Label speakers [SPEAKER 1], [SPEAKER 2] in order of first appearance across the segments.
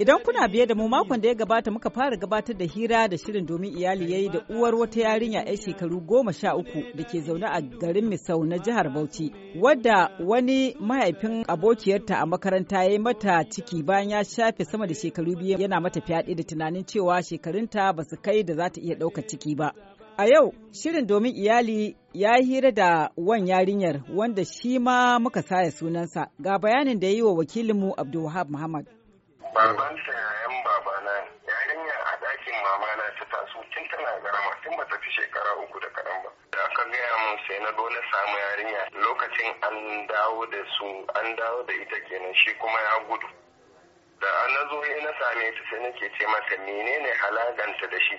[SPEAKER 1] Idan kuna biye da mu makon da ya gabata muka fara gabatar da hira da shirin domin iyali yayi da uwar wata yarinya yar shekaru goma sha uku da ke zaune a garin Misau na jihar Bauchi, wadda wani mahaifin abokiyarta a makaranta ya yi mata ciki bayan ya shafe sama da shekaru biyu yana mata fyaɗe da tunanin cewa shekarunta ba su kai da za ta iya ɗauka ciki ba. A yau, shirin domin iyali ya hira da wan yarinyar wanda shi ma muka saya sunansa ga bayanin da ya yi wa wakilinmu Abdulwahab Muhammad.
[SPEAKER 2] Baban sa yayan babana yarinya a ɗakin mamana ta taso tun tana garama tun ba ta fi shekara uku da kaɗan ba da aka gaya mun sai na dole samu yarinya lokacin an dawo da su an dawo da ita kenan shi kuma ya gudu da an zo na same ta sai nake ce mata menene halaganta da shi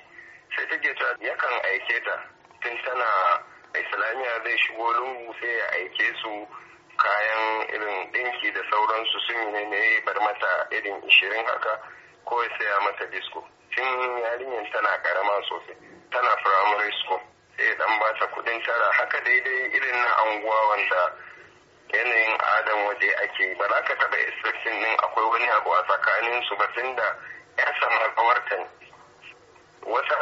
[SPEAKER 2] sai take ta yakan aike ta tun tana islamiyya zai shigo lungu sai ya aike su kayan irin ɗinki da sauransu sun ne ne bar mata irin ishirin haka ko ya saya mata disko tun yarinyar tana karama sosai tana firamare school sai dan ba ta kudin tara haka daidai irin na anguwa wanda yanayin adam waje ake ba za ka taɓa expecting din akwai wani abu a tsakanin su ba tun da ya samu kawarta ne wata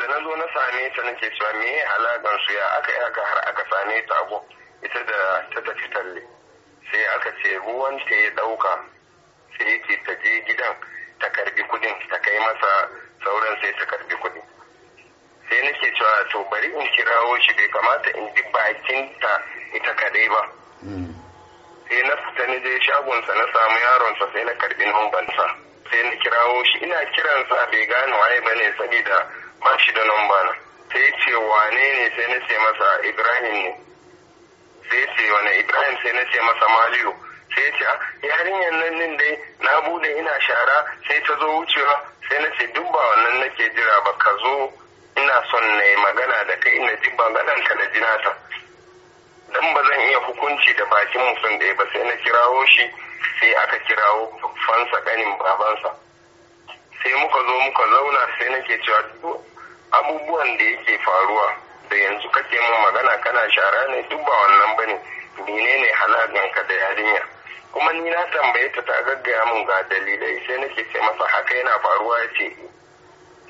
[SPEAKER 2] da na zo na same ta nake cewa me ya alaƙar ya aka yi haka har aka same ta abu ita da ta tafi talle sai aka ce ruwan ta ya ɗauka sai yake ta je gidan ta karbi kudin ta kai masa sauran sai ta karbi kudin sai nake cewa to bari in kirawo shi bai kamata in ji bakin ta ita kadai ba hmm. sai na fita ni je shagonsa na samu yaronsa sai na karbi sa sai na kirawo shi ina kiransa bai gane waye bane saboda ba shi da numba na sai ce wane ne sai na ce masa ibrahim ne sai ce wani ibrahim sai na ce masa maliyo sai ya ce ah, yarinyar nan nin dai na bude ina shara sai ta zo wucewa sai na ce duk ba wannan nake jira ba ka zo ina son na yi magana da kai na ji maganarka da jinata dan ba zan iya hukunci da bakin mutum ɗaya ba sai na kirawo shi sai aka kirawo fansa ƙanin babansa sai muka zo muka zauna sai nake cewa abubuwan da yake faruwa da yanzu kake mun magana kana shara ne duk ba wannan ba bane menene halaganka da yarinya kuma ni na tambaye ta ta gaggaya mun ga dalilai sai nake ce masa haka yana faruwa ya ce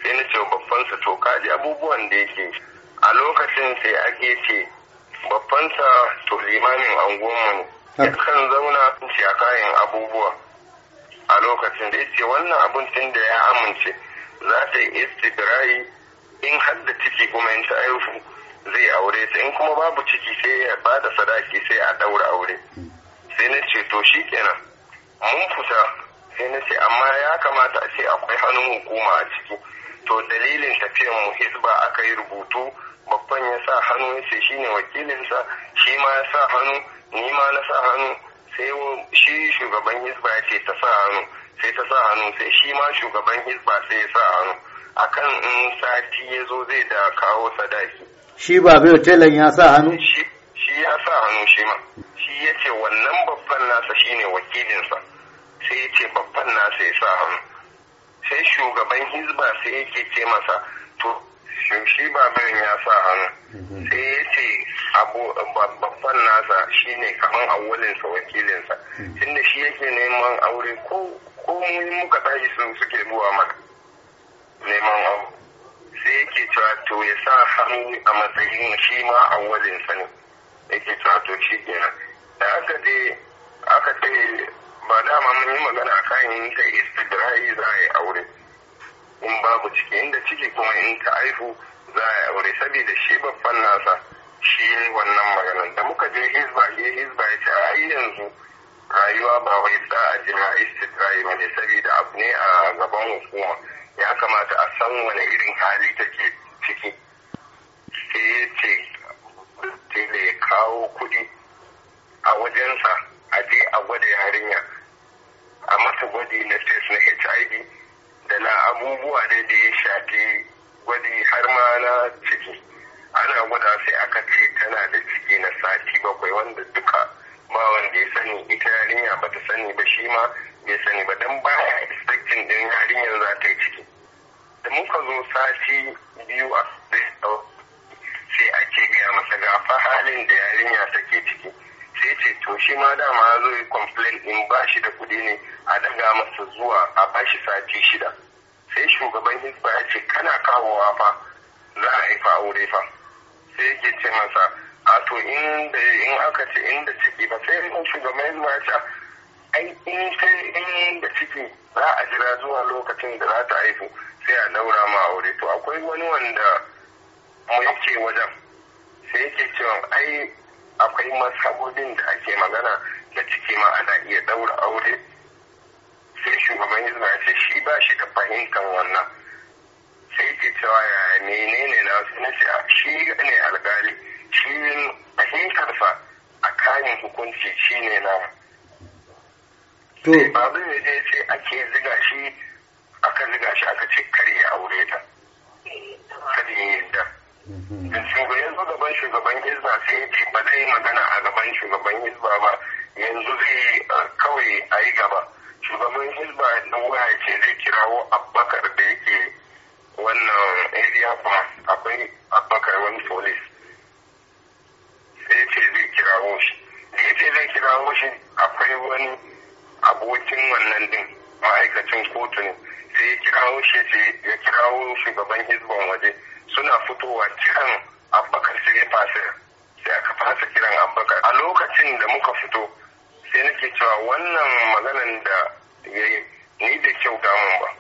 [SPEAKER 2] sai na ce babban sa to kaji abubuwan da yake a lokacin sai ake ce babban to limamin anguwanmu ne kan zauna ce a kayan abubuwa a lokacin da ya ce wannan tun da ya amince za ta yi istidrai in har da ciki kuma in ta aihu zai aure ta in kuma babu ciki sai ya bada sadaki sai a daura aure sai na ce to shi kenan mun fita sai na ce amma ya kamata a ce akwai hannun hukuma a ciki to dalilin tafiyan mu hisba aka yi rubutu babban ya sa hannu ya ce shine wakilinsa shi ma ya sa hannu ni ma na sa hannu sai shi shugaban hisba ya ce ta sa hannu sai ta sa hannu sai shi ma shugaban hisba sai ya sa hannu akan in
[SPEAKER 1] sati ya zo zai da kawo sadaki shi ba bai telan ya sa hannu shi ya sa hannu shi ma
[SPEAKER 2] shi ya ce wannan babban nasa shine wakilinsa sai ya ce babban nasa ya sa hannu sai shugaban hizba sai yake ce masa to shi ba birin ya sa hannu mhm. sai ya ce babban nasa shine kaman awulinsa wakilinsa mhm. tunda shi yake neman aure ko yi muka tashi suke zuwa maka. neman abu sai yake cewa to ya sa hannu a matsayin shi ma awalin wajen sani yake cewa to shi gina. da aka je aka ce ba dama mun yi magana kan yin ta istidrai za a yi aure in babu ciki inda ciki kuma in ta haihu za a yi aure saboda shi babban nasa shi ne wannan maganar da muka je hizba ya hizba ya ce a yanzu rayuwa ba wai za a jira istidrai ba ne saboda abu ne a gaban hukuma ya kamata a san wani irin hali take ciki sai ya ce da ya kawo kuɗi a wajensa a je a gwada yarinya a masa gwadi na test na hiv da na abubuwa da da ya shafi gwadi har ma na ciki ana gwada sai aka ce tana da ciki na sati bakwai wanda duka ba wanda ya sani ita yarinya ba ta sani ba shi ma Ya sani ba don ba ya expecting din yarinyar za ta yi ciki da muka zo sati biyu a sai ake gaya masa gafa halin da yarinya take ciki sai ce to shi ma dama zo yi complain in ba shi da kuɗi ne a daga masa zuwa a ba shi sati shida sai shugaban hisba ya ce kana kawowa fa za a yi fa aure fa sai yake ce masa a to inda in aka ce inda ciki ba sai shugaban hisba ya ce ai in sai in da ciki za a jira zuwa lokacin da za ta haihu sai a daura ma aure to akwai wani wanda mu yake wajen sai yake cewa ai akwai masabobin da ake magana da ciki ma ana iya daura aure sai shugaban yanzu ya ce shi ba shi da fahimtar wannan sai ke cewa ya menene na wasu na shi ne alkali shi fahimtarsa a kayan hukunci shi ne na to ba ne dai ce ake ziga shi aka ziga shi aka ce kare ya aure ta kada ya yarda mhm. shugaban yanzu gaban shugaban hizba sai ya ce ba zai magana a gaban shugaban hizba ba yanzu zai eh, kawai a yi gaba shugaban hizba na waya ce zai kirawo abbakar da yake wannan area ba akwai abbakar wani police sai ce zai kirawo shi da ya zai kirawo shi akwai wani abokin wannan din ma'aikacin kotu ne sai ya kirawo shi ce ya kirawo shugaban hizban waje suna fitowa kiran abbakar sai ya fasa sai aka fasa kiran abbakar a lokacin da muka fito sai nake cewa wannan maganan da ya yi ni da kyau damun ba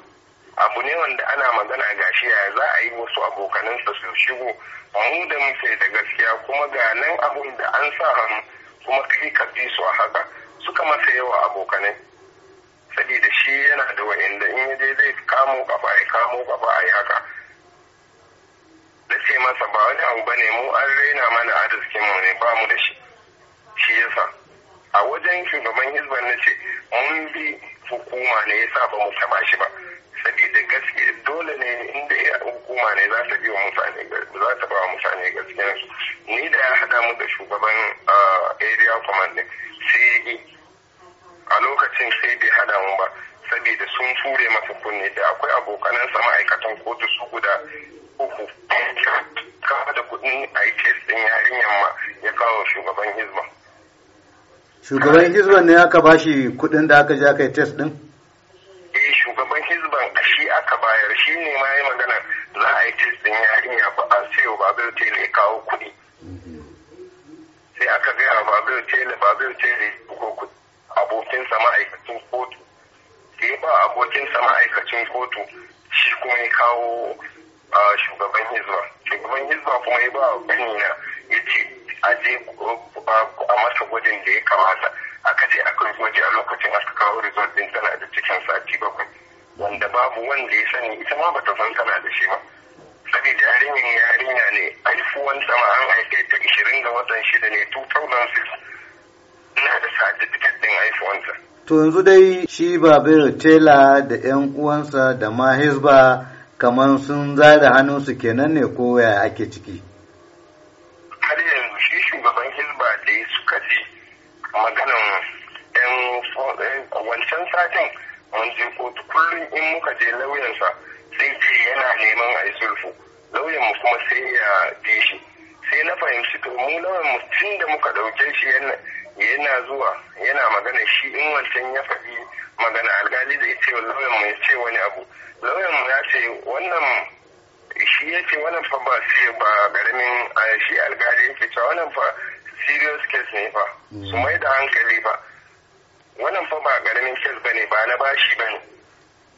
[SPEAKER 2] abu ne wanda ana magana ga shi yaya za a yi wasu abokanansa su shigo mu da muke da gaskiya kuma ga nan abun da an sa hannu kuma kai ka bi su a haka suka masa yawa abokanai saboda shi yana da wa'inda in yaje zai kamo kafa ya kamo kafa a haka da ce masa ba wani abu bane mu an raina mana arzikin mu ne ba mu da shi shi yasa a wajen shugaban hizban na ce mun bi hukuma ne yasa ba mu taba shi ba saboda gaske dole ne inda hukuma ne za ta biyo mutane za ta ba mutane gaskiyar ni da ya haɗa mu da shugaban ah, area command a lokacin sai bai hada mu ba saboda sun ture masa kunne da akwai abokanansa ma'aikatan kotu su guda uku kawo da kudin a yi testin yarinyar ma ya kawo shugaban hizba shugaban hizban ne aka bashi kudin da aka je aka yi test din eh shugaban hizban shi aka bayar shi ne ma yi magana za a yi testin din yarinya ba a sayo ba zai tele kawo kudi mhm. sai aka gaya ba zai tele ba zai tele abokinsa ma'aikacin kotu da ya ba abokinsa ma'aikacin kotu shi kuma ya kawo shugaban hizba shugaban hizba kuma ya ba kanina ya ce a je a masa gwajin da ya kamata aka je aka yi gwaji a lokacin aka kawo result din tana da cikin sati bakwai wanda babu wanda ya sani ita ma bata san tana da shi ba saboda yarinyar yarinya ne aifuwan sama an haife ta ga watan shida ne 2006 ina da certificate din iphone to yanzu dai shi babir tela da yan uwansa da ma hisba kamar sun zada hannunsu kenan ne ko ya ake ciki har yanzu shi shugaban hisba da suka je maganin yan eh, wancan satin mun je kotu kullum in muka je lauyansa sai ce yana neman a yi sulfu lauyanmu kuma sai ya ji shi sai na fahimci to mu lauyanmu tun da muka ɗauke shi yana zuwa yana magana shi in wancan ya faɗi magana alkali zai ce lauyan mu ya ce wani abu lauyan mu ya ce wannan shi ya ce wannan fa ba ba garamin shi alkali ya ce wannan fa serious case ne fa su mm. mai da hankali fa wannan fa ba garamin case bane ba na bashi ne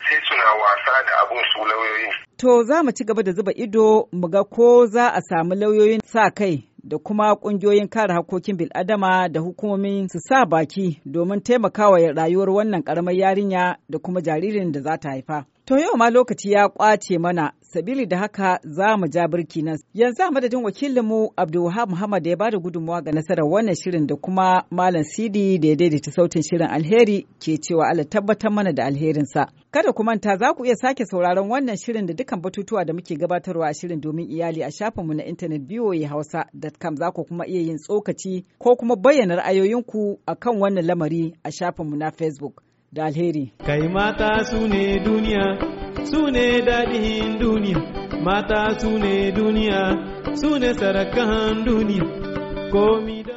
[SPEAKER 2] sai suna wasa da abun su
[SPEAKER 1] lauyoyin To za mu ci gaba da zuba ido mu ga ko za a samu lauyoyin sa kai da kuma kungiyoyin kare hakokin bil'adama da hukumomin su sa baki domin taimakawa rayuwar wannan karamar yarinya da kuma jaririn da za ta haifa. To yau ma lokaci ya kwace mana, sabili da haka za mu ja birki nan. Yanzu a madadin wakilinmu Abdulwahab Muhammad ya bada gudunmawa ga nasarar wannan shirin da kuma Malam Sidi da ya daidaita sautin shirin alheri ke cewa Allah tabbatar mana da alherinsa. Kada ku manta za ku iya sake sauraron wannan shirin da dukkan batutuwa da muke gabatarwa a shirin domin iyali a shafinmu na intanet voahausa.com za ku kuma iya yin tsokaci ko kuma bayyana ra'ayoyinku akan wannan lamari a shafinmu na Facebook. da alheri. Kai mata su ne duniya, su ne daɗin duniya, mata su ne duniya, su ne sarakan duniya, komi